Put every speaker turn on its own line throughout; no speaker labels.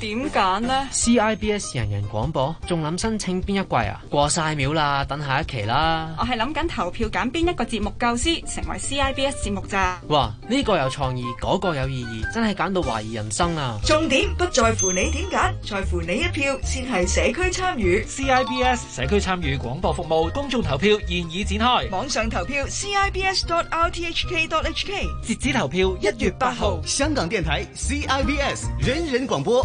點揀呢？
CIBS 人人廣播仲諗申請邊一季啊？過晒秒啦，等下一期啦。
我係諗緊投票揀邊一個節目教師成為 CIBS 節目咋？
哇！呢、這個有創意，嗰、那個有意義，真係揀到懷疑人生啊！重點不在乎你點揀，在乎你一票先係社區參與。CIBS 社區參與廣播服務公眾投票現已展開，網上投票 cibs.rthk.hk，截止投票一月八號。香港電台
CIBS 人人廣播。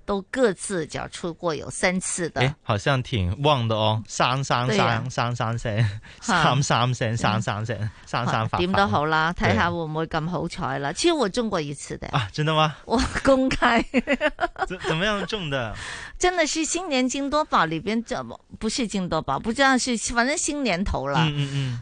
都各自叫出過有三次的，
好像挺旺的哦，三三三三三聲，三三聲，三三聲，三三發。點都好
啦，睇下會唔會咁好彩啦，其實我中過一次的啊？真的嗎？我公開
怎怎麼樣中的？
真的是新年金多寶裏邊，怎麼不是金多寶？不知道是反正新年頭了。嗯嗯。嗯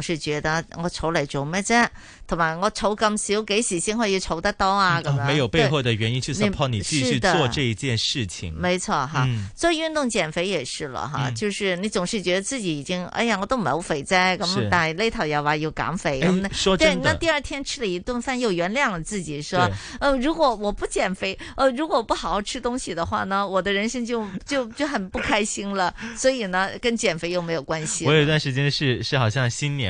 是覺得我儲嚟做咩啫？同埋我儲咁少，幾時先可以儲得多啊？咁樣沒有背後的原因去 support 你，是你繼續做這
一件事情。沒
錯，哈，做運動減肥也是了，哈，嗯，就是你總是覺得自己已經，哎呀，我都唔係好肥啫，咁但呢頭又話要減肥。誒，說，嗯，真，對，那第二天吃了一頓飯，又原諒了自己，說，呃，如果我不減肥，呃，如果我不好好吃東西的話呢，我的人生就就就很不開心了。所以呢，跟減肥又沒有關係。我有
段時間是是，好像新年。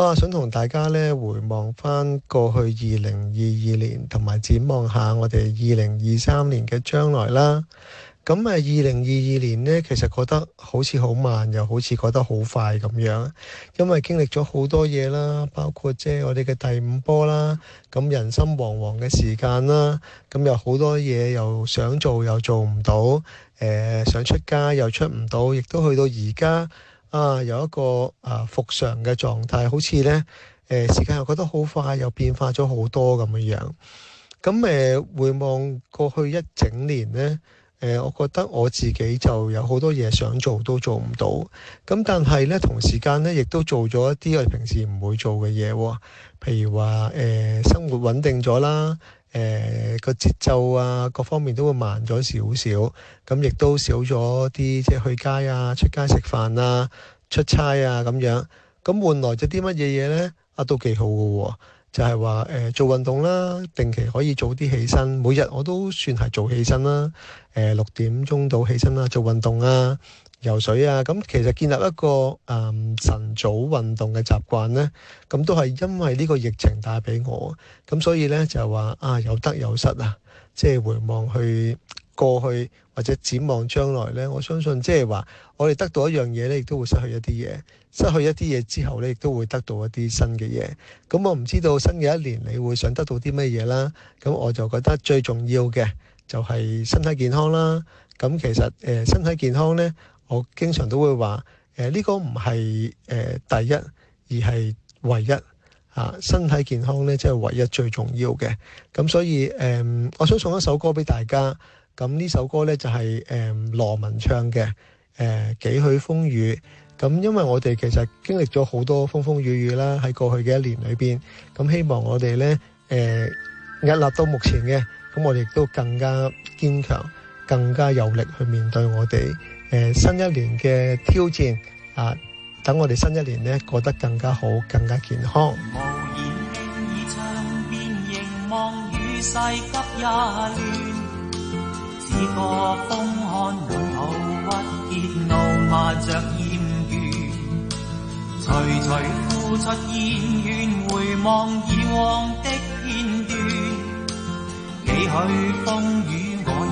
我想同大家呢回望翻過去二零二二年，同埋展望下我哋二零二三年嘅將來啦。咁啊，二零二二年呢，其實覺得好似好慢，又好似過得好快咁樣，因為經歷咗好多嘢啦，包括即係我哋嘅第五波啦，咁人心惶惶嘅時間啦，咁有好多嘢又想做又做唔到，誒想出街又出唔到，亦都去到而家。啊，有一個啊復常嘅狀態，好似咧，誒、呃、時間又覺得好快，又變化咗好多咁樣樣。咁、呃、回望過去一整年咧，誒、呃、我覺得我自己就有好多嘢想做都做唔到。咁但係咧，同時間咧，亦都做咗一啲我哋平時唔會做嘅嘢喎。譬如話誒、呃，生活穩定咗啦。誒、呃、個節奏啊，各方面都會慢咗少少，咁亦都少咗啲即係去街啊、出街食飯啊、出差啊咁樣，咁換來咗啲乜嘢嘢呢？啊，都幾好嘅喎、啊，就係、係、話、呃、做運動啦，定期可以早啲起身，每日我都算係早起身啦，誒六點鐘到起身啦，做運動啊。游水啊！咁其實建立一個誒晨早運動嘅習慣呢，咁都係因為呢個疫情帶俾我咁，所以呢，就係話啊有得有失啊。即係回望去過去或者展望將來呢，我相信即係話我哋得到一樣嘢呢，亦都會失去一啲嘢。失去一啲嘢之後呢，亦都會得到一啲新嘅嘢。咁我唔知道新嘅一年你會想得到啲咩嘢啦。咁我就覺得最重要嘅就係身體健康啦。咁其實、呃、身體健康呢。我經常都會話誒呢個唔係誒第一，而係唯一啊。身體健康咧，即係唯一最重要嘅。咁所以誒，我想送一首歌俾大家。咁呢首歌咧就係誒羅文唱嘅《誒幾許風雨》。咁因為我哋其實經歷咗好多風風雨雨啦，喺過去嘅一年裏邊。咁希望我哋咧誒屹立到目前嘅，咁我哋亦都更加堅強，更加有力去面對我哋。誒新一年嘅挑戰啊！等我哋新一年咧過得更加好，更加健
康。 無言輕倚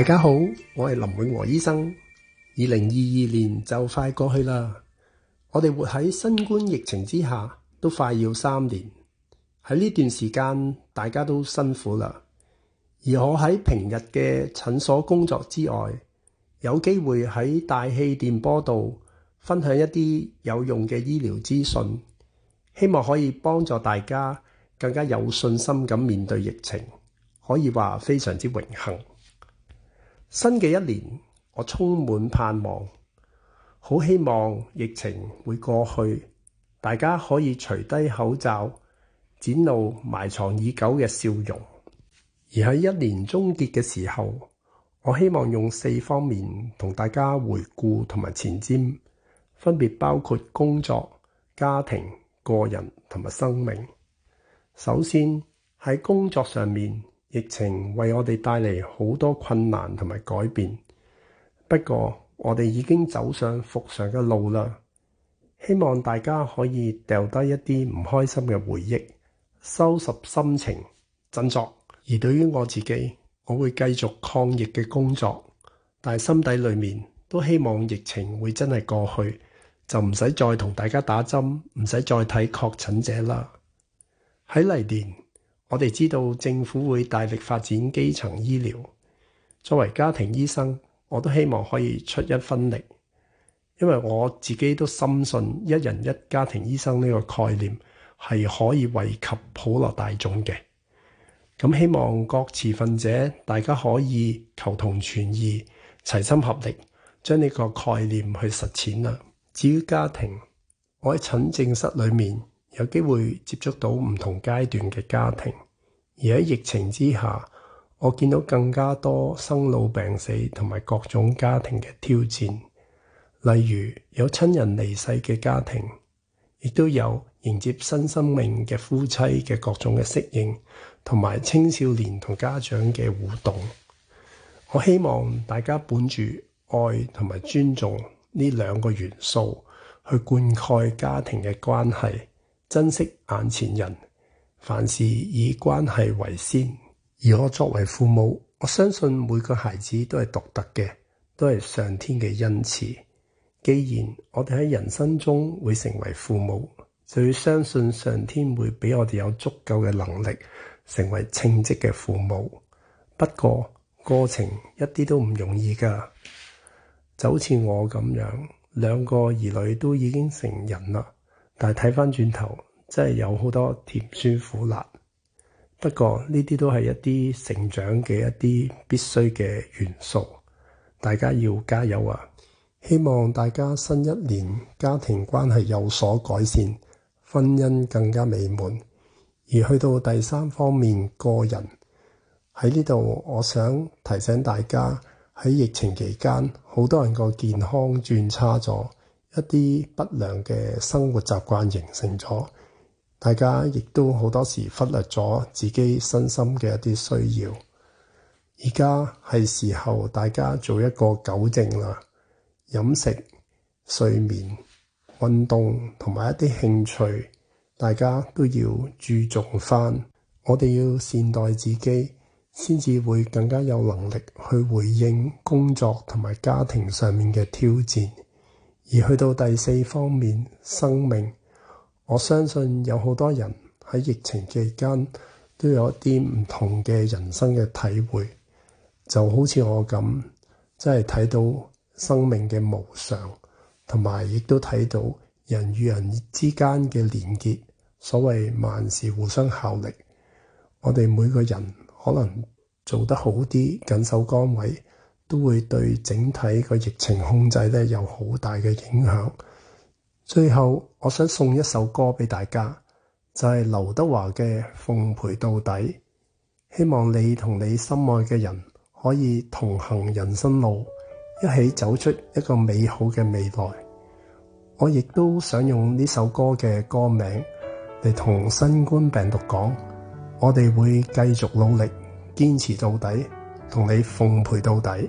大家好，我係林永和醫生。二零二二年就快過去啦，我哋活喺新冠疫情之下，都快要三年。喺呢段時間，大家都辛苦啦。而我喺平日嘅診所工作之外，有機會喺大氣電波度分享一啲有用嘅醫療資訊，希望可以幫助大家更加有信心咁面對疫情，可以話非常之榮幸。新嘅一年，我充滿盼望，好希望疫情會過去，大家可以除低口罩，展露埋藏已久嘅笑容。而喺一年終結嘅時候，我希望用四方面同大家回顧同埋前瞻，分別包括工作、家庭、個人同埋生命。首先，喺工作上面。疫情為我哋帶嚟好多困難同埋改變，不過我哋已經走上復常嘅路啦。希望大家可以掉低一啲唔開心嘅回憶，收拾心情振作。而對於我自己，我會繼續抗疫嘅工作，但係心底裏面都希望疫情會真係過去，就唔使再同大家打針，唔使再睇確診者啦。喺嚟年。我哋知道政府會大力發展基層醫療，作為家庭醫生，我都希望可以出一分力，因為我自己都深信一人一家庭醫生呢個概念係可以惠及普羅大眾嘅。咁希望各持份者大家可以求同存異，齊心合力，將呢個概念去實踐啦。至於家庭，我喺診症室裏面。有機會接觸到唔同階段嘅家庭，而喺疫情之下，我見到更加多生老病死同埋各種家庭嘅挑戰，例如有親人離世嘅家庭，亦都有迎接新生命嘅夫妻嘅各種嘅適應，同埋青少年同家長嘅互動。我希望大家本住愛同埋尊重呢兩個元素去灌溉家庭嘅關係。珍惜眼前人，凡事以關係為先。而我作為父母，我相信每個孩子都係獨特嘅，都係上天嘅恩賜。既然我哋喺人生中會成為父母，就要相信上天會俾我哋有足夠嘅能力，成為稱職嘅父母。不過過程一啲都唔容易噶，就好似我咁樣，兩個兒女都已經成人啦。但係睇翻轉頭，真係有好多甜酸苦辣。不過呢啲都係一啲成長嘅一啲必須嘅元素，大家要加油啊！希望大家新一年家庭關係有所改善，婚姻更加美滿。而去到第三方面個人喺呢度，我想提醒大家喺疫情期間，好多人個健康轉差咗。一啲不良嘅生活習慣形成咗，大家亦都好多時忽略咗自己身心嘅一啲需要。而家係時候大家做一個糾正啦，飲食、睡眠、運動同埋一啲興趣，大家都要注重返。我哋要善待自己，先至會更加有能力去回應工作同埋家庭上面嘅挑戰。而去到第四方面，生命，我相信有好多人喺疫情期間都有一啲唔同嘅人生嘅體會，就好似我咁，即係睇到生命嘅無常，同埋亦都睇到人與人之間嘅連結，所謂萬事互相效力，我哋每個人可能做得好啲，緊守崗位。都會對整體個疫情控制咧有好大嘅影響。最後，我想送一首歌俾大家，就係劉德華嘅《奉陪到底》。希望你同你心愛嘅人可以同行人生路，一起走出一個美好嘅未來。我亦都想用呢首歌嘅歌名嚟同新冠病毒講：我哋會繼續努力，堅持到底，同你奉陪到底。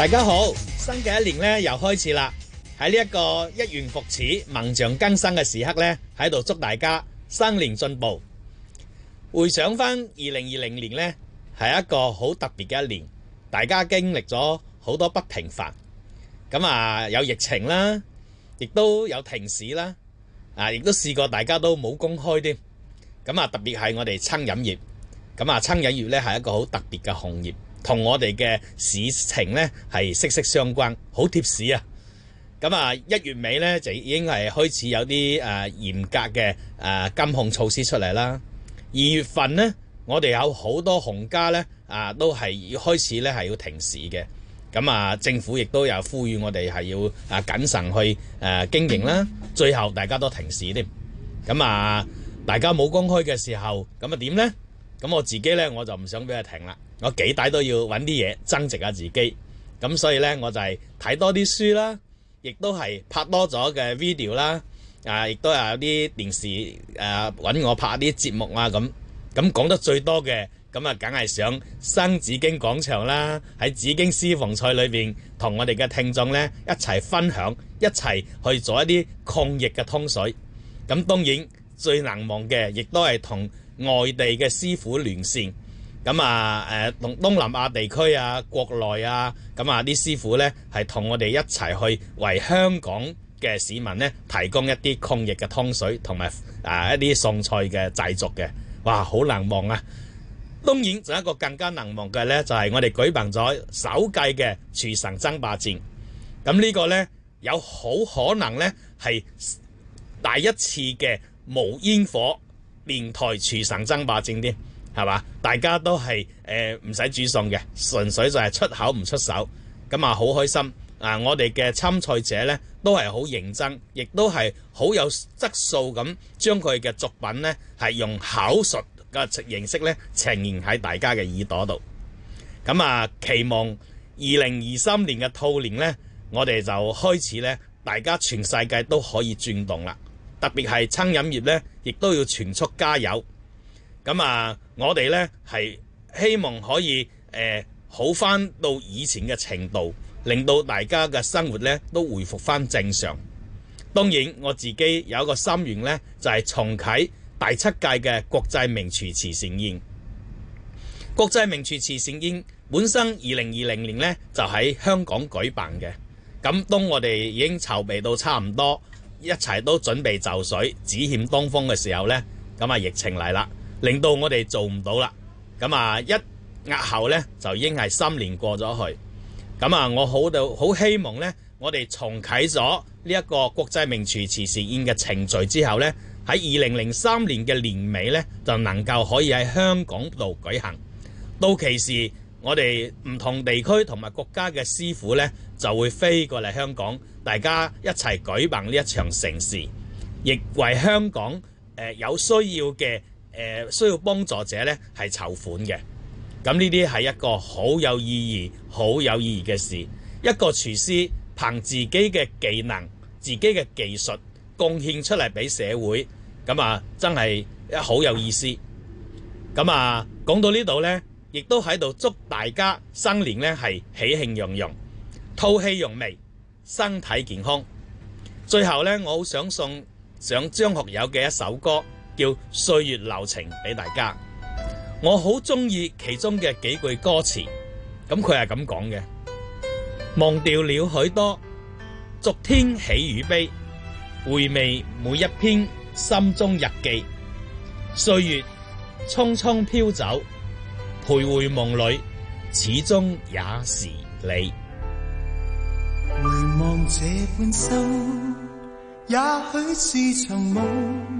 大家好，新嘅一年咧又開始啦！喺呢一個一元復始、萬象更新嘅時刻咧，喺度祝大家新年進步。回想返二零二零年咧，係一個好特別嘅一年，大家經歷咗好多不平凡。咁啊，有疫情啦，亦都有停市啦，啊，亦都試過大家都冇公開添。咁啊，特別係我哋餐飲業，咁啊，餐飲業咧係一個好特別嘅行業。同我哋嘅市情呢係息息相關，好貼市啊！咁啊，一月尾呢就已經係開始有啲誒、啊、嚴格嘅誒監控措施出嚟啦。二月份呢，我哋有好多行家呢啊，都係開始呢係要停市嘅。咁啊，政府亦都有呼籲我哋係要啊謹慎去誒、啊、經營啦。最後大家都停市添、啊。咁啊，大家冇公開嘅時候，咁啊點呢？咁我自己呢，我就唔想俾佢停啦。我幾大都要搵啲嘢增值下自己，咁所以呢，我就係睇多啲書啦，亦都係拍多咗嘅 video 啦、啊，啊，亦都有啲電視誒揾我拍啲節目啊咁。咁講得最多嘅咁啊，梗係上新紫荊廣場啦，喺紫荊私房菜裏面同我哋嘅聽眾咧一齊分享，一齊去做一啲抗疫嘅湯水。咁當然最難忘嘅，亦都係同外地嘅師傅聯線。咁啊，誒東南亞地區啊，國內啊，咁啊啲師傅咧，係同我哋一齊去為香港嘅市民咧提供一啲抗疫嘅湯水，同埋啊一啲餸菜嘅製作嘅，哇，好難忘啊！當然，仲有一個更加難忘嘅咧，就係、是、我哋舉辦咗首屆嘅廚神爭霸戰。咁呢個咧有好可能咧係第一次嘅無煙火連台廚神爭霸戰添。係嘛？大家都係誒唔使煮餸嘅，純粹就係出口唔出手，咁啊好開心啊！我哋嘅參賽者呢，都係好認真，亦都係好有質素咁，將佢嘅作品呢，係用口述嘅形式呢，呈現喺大家嘅耳朵度。咁啊，期望二零二三年嘅兔年呢，我哋就開始呢，大家全世界都可以轉動啦。特別係餐飲業呢，亦都要全速加油。咁啊！我哋呢係希望可以誒、呃、好返到以前嘅程度，令到大家嘅生活呢都回復返正常。當然，我自己有一個心願呢，就係、是、重啟第七屆嘅國際名廚慈善宴。國際名廚慈善宴本身二零二零年呢就喺香港舉辦嘅。咁當我哋已經籌備到差唔多，一齊都準備就緒，只欠東風嘅時候呢，咁啊疫情嚟啦。令到我哋做唔到啦，咁啊一押後咧就已經係三年過咗去。咁啊，我好到好希望咧，我哋重啟咗呢一個國際名廚慈善宴嘅程序之後咧，喺二零零三年嘅年尾咧，就能夠可以喺香港度舉行。到其時，我哋唔同地區同埋國家嘅師傅咧就會飛過嚟香港，大家一齊舉辦呢一場盛事，亦為香港誒有需要嘅。需要幫助者咧係籌款嘅，咁呢啲係一個好有意義、好有意義嘅事。一個廚師憑自己嘅技能、自己嘅技術貢獻出嚟俾社會，咁啊真係好有意思。咁啊，講到呢度呢，亦都喺度祝大家新年呢係喜慶洋洋、吐氣揚眉、身體健康。最後呢，我好想送上張學友嘅一首歌。叫歲月流情俾大家，我好中意其中嘅幾句歌詞，咁佢係咁講嘅：忘掉了許多昨天喜與悲，回味每一篇心中日記，歲月匆匆飄走，徘徊夢裏，始終也是你。
回望這半生，也許是場夢。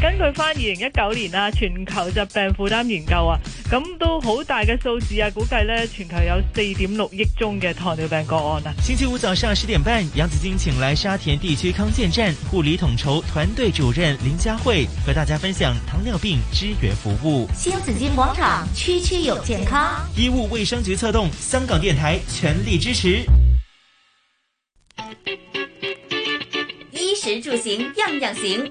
根據翻二零一九年啊，
全球疾病負擔研究啊，咁都好大嘅數字啊，估計咧全球有四點六億宗嘅糖尿病個案。
星期五早上十點半，楊子晶請來沙田地區康健站護理統籌團隊主任林嘉慧，和大家分享糖尿病支援服務。
新紫荊廣場區區有健康，
醫務衛生局策動，香港電台全力支持。衣食
住行樣樣行。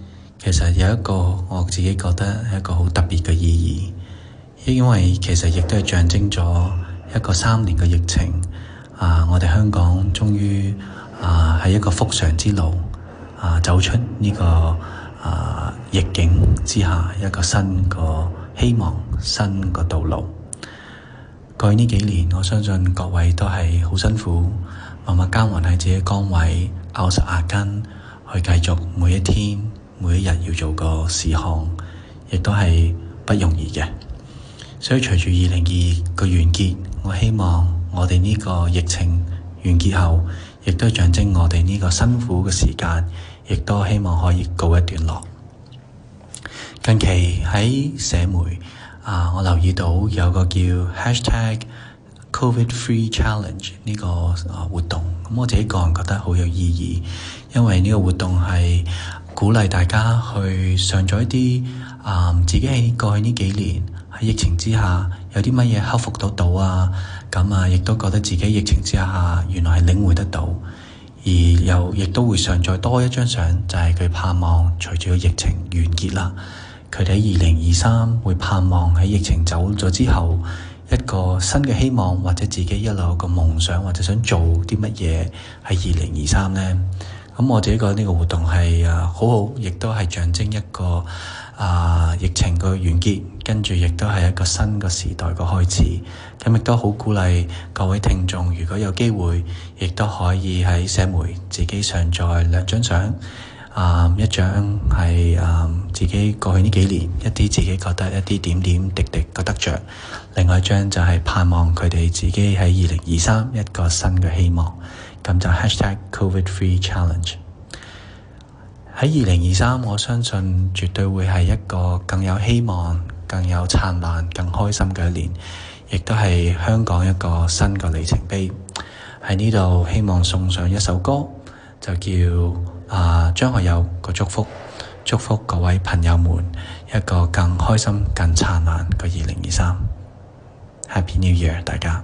其實有一個我自己覺得一個好特別嘅意義，因為其實亦都係象徵咗一個三年嘅疫情啊，我哋香港終於啊喺一個復常之路啊走出呢個啊逆境之下一個新個希望、新個道路。過去呢幾年，我相信各位都係好辛苦，默默耕耘喺自己崗位，咬實牙根去繼續每一天。每一日要做個事項，亦都係不容易嘅。所以隨住二零二二個完結，我希望我哋呢個疫情完結後，亦都係象徵我哋呢個辛苦嘅時間，亦都希望可以告一段落。近期喺社媒啊，我留意到有個叫 Hashtag Covid Free Challenge 呢個活動，咁我自己個人覺得好有意義，因為呢個活動係，鼓勵大家去上載一啲啊、嗯，自己喺過去呢幾年喺疫情之下有啲乜嘢克服得到啊，咁啊亦都覺得自己疫情之下原來係領會得到，而又亦都會上載多一張相，就係、是、佢盼望隨住個疫情完結啦。佢哋喺二零二三會盼望喺疫情走咗之後，一個新嘅希望或者自己一路個夢想或者想做啲乜嘢喺二零二三呢。咁我自己覺得呢個活動係誒、啊、好好，亦都係象徵一個啊疫情嘅完結，跟住亦都係一個新嘅時代嘅開始。咁亦都好鼓勵各位聽眾，如果有機會，亦都可以喺社媒自己上載兩張相，啊一張係啊自己過去呢幾年一啲自己覺得一啲點點滴滴嘅得着；另外一張就係盼望佢哋自己喺二零二三一個新嘅希望。咁就 #CovidFreeChallenge 喺二零二三，我相信絕對會係一個更有希望、更有燦爛、更開心嘅一年，亦都係香港一個新嘅里程碑。喺呢度希望送上一首歌，就叫《啊張學友個祝福》，祝福各位朋友們一個更開心、更燦爛嘅二零二三。Happy New Year，大家！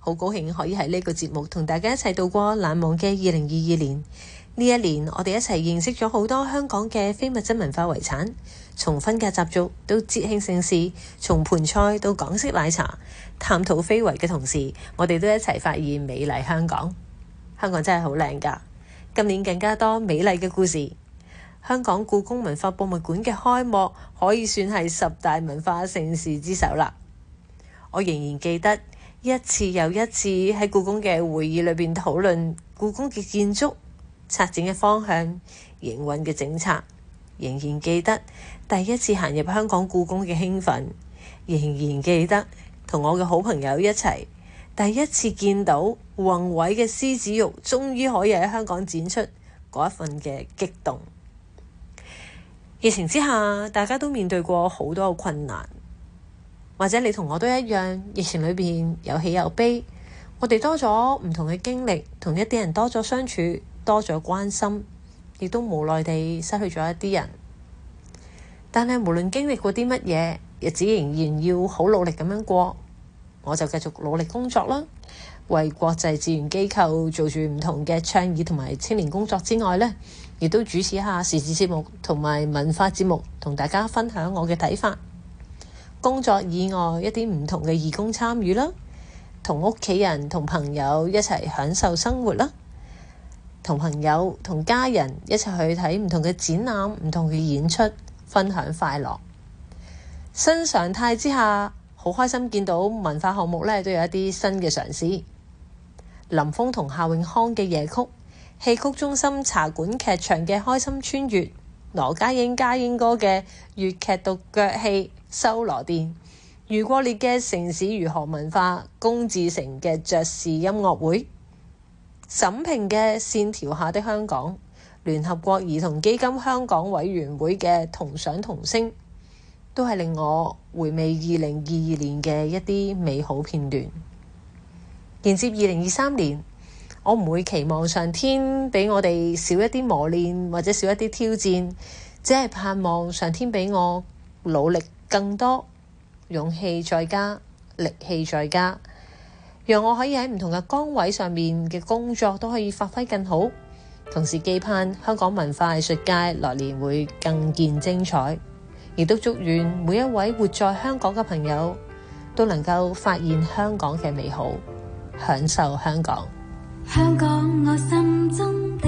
好高興可以喺呢個節目同大家一齊度過難忘嘅二零二二年。呢一年，我哋一齊認識咗好多香港嘅非物質文化遺產，從婚嫁習俗到節慶盛事，從盤菜到港式奶茶，探討非遺嘅同時，我哋都一齊發現美麗香港。香港真係好靚㗎！今年更加多美麗嘅故事。香港故宮文化博物館嘅開幕可以算係十大文化盛事之首啦。我仍然記得。一次又一次喺故宮嘅會議裏邊討論故宮嘅建築策展嘅方向、營運嘅政策，仍然記得第一次行入香港故宮嘅興奮，仍然記得同我嘅好朋友一齊第一次見到宏偉嘅獅子肉，終於可以喺香港展出嗰一份嘅激動。疫情之下，大家都面對過好多嘅困難。或者你同我都一樣，疫情裏面有喜有悲，我哋多咗唔同嘅經歷，同一啲人多咗相處，多咗關心，亦都無奈地失去咗一啲人。但係無論經歷過啲乜嘢，日子仍然要好努力咁樣過。我就繼續努力工作啦，為國際志願機構做住唔同嘅倡議同埋青年工作之外呢，亦都主持下時事節目同埋文化節目，同大家分享我嘅睇法。工作以外，一啲唔同嘅義工參與啦，同屋企人、同朋友一齊享受生活啦。同朋友、同家人一齊去睇唔同嘅展覽、唔同嘅演出，分享快樂。新常態之下，好開心見到文化項目呢，都有一啲新嘅嘗試。林峰同夏永康嘅夜曲，戲曲中心茶館劇場嘅《開心穿越》，羅家英家英哥嘅粵劇獨腳戲。修羅殿，如果你嘅城市如何文化，龔志成嘅爵士音樂會，沈平嘅線條下的香港，聯合國兒童基金香港委員會嘅同想同聲，都係令我回味二零二二年嘅一啲美好片段。迎接二零二三年，我唔會期望上天畀我哋少一啲磨練或者少一啲挑戰，只係盼望上天畀我努力。更多勇氣再加，力氣再加，讓我可以喺唔同嘅崗位上面嘅工作都可以發揮更好。同時寄盼香港文化藝術界來年會更見精彩，亦都祝願每一位活在香港嘅朋友都能夠發現香港嘅美好，享受香港。
香港我心中的。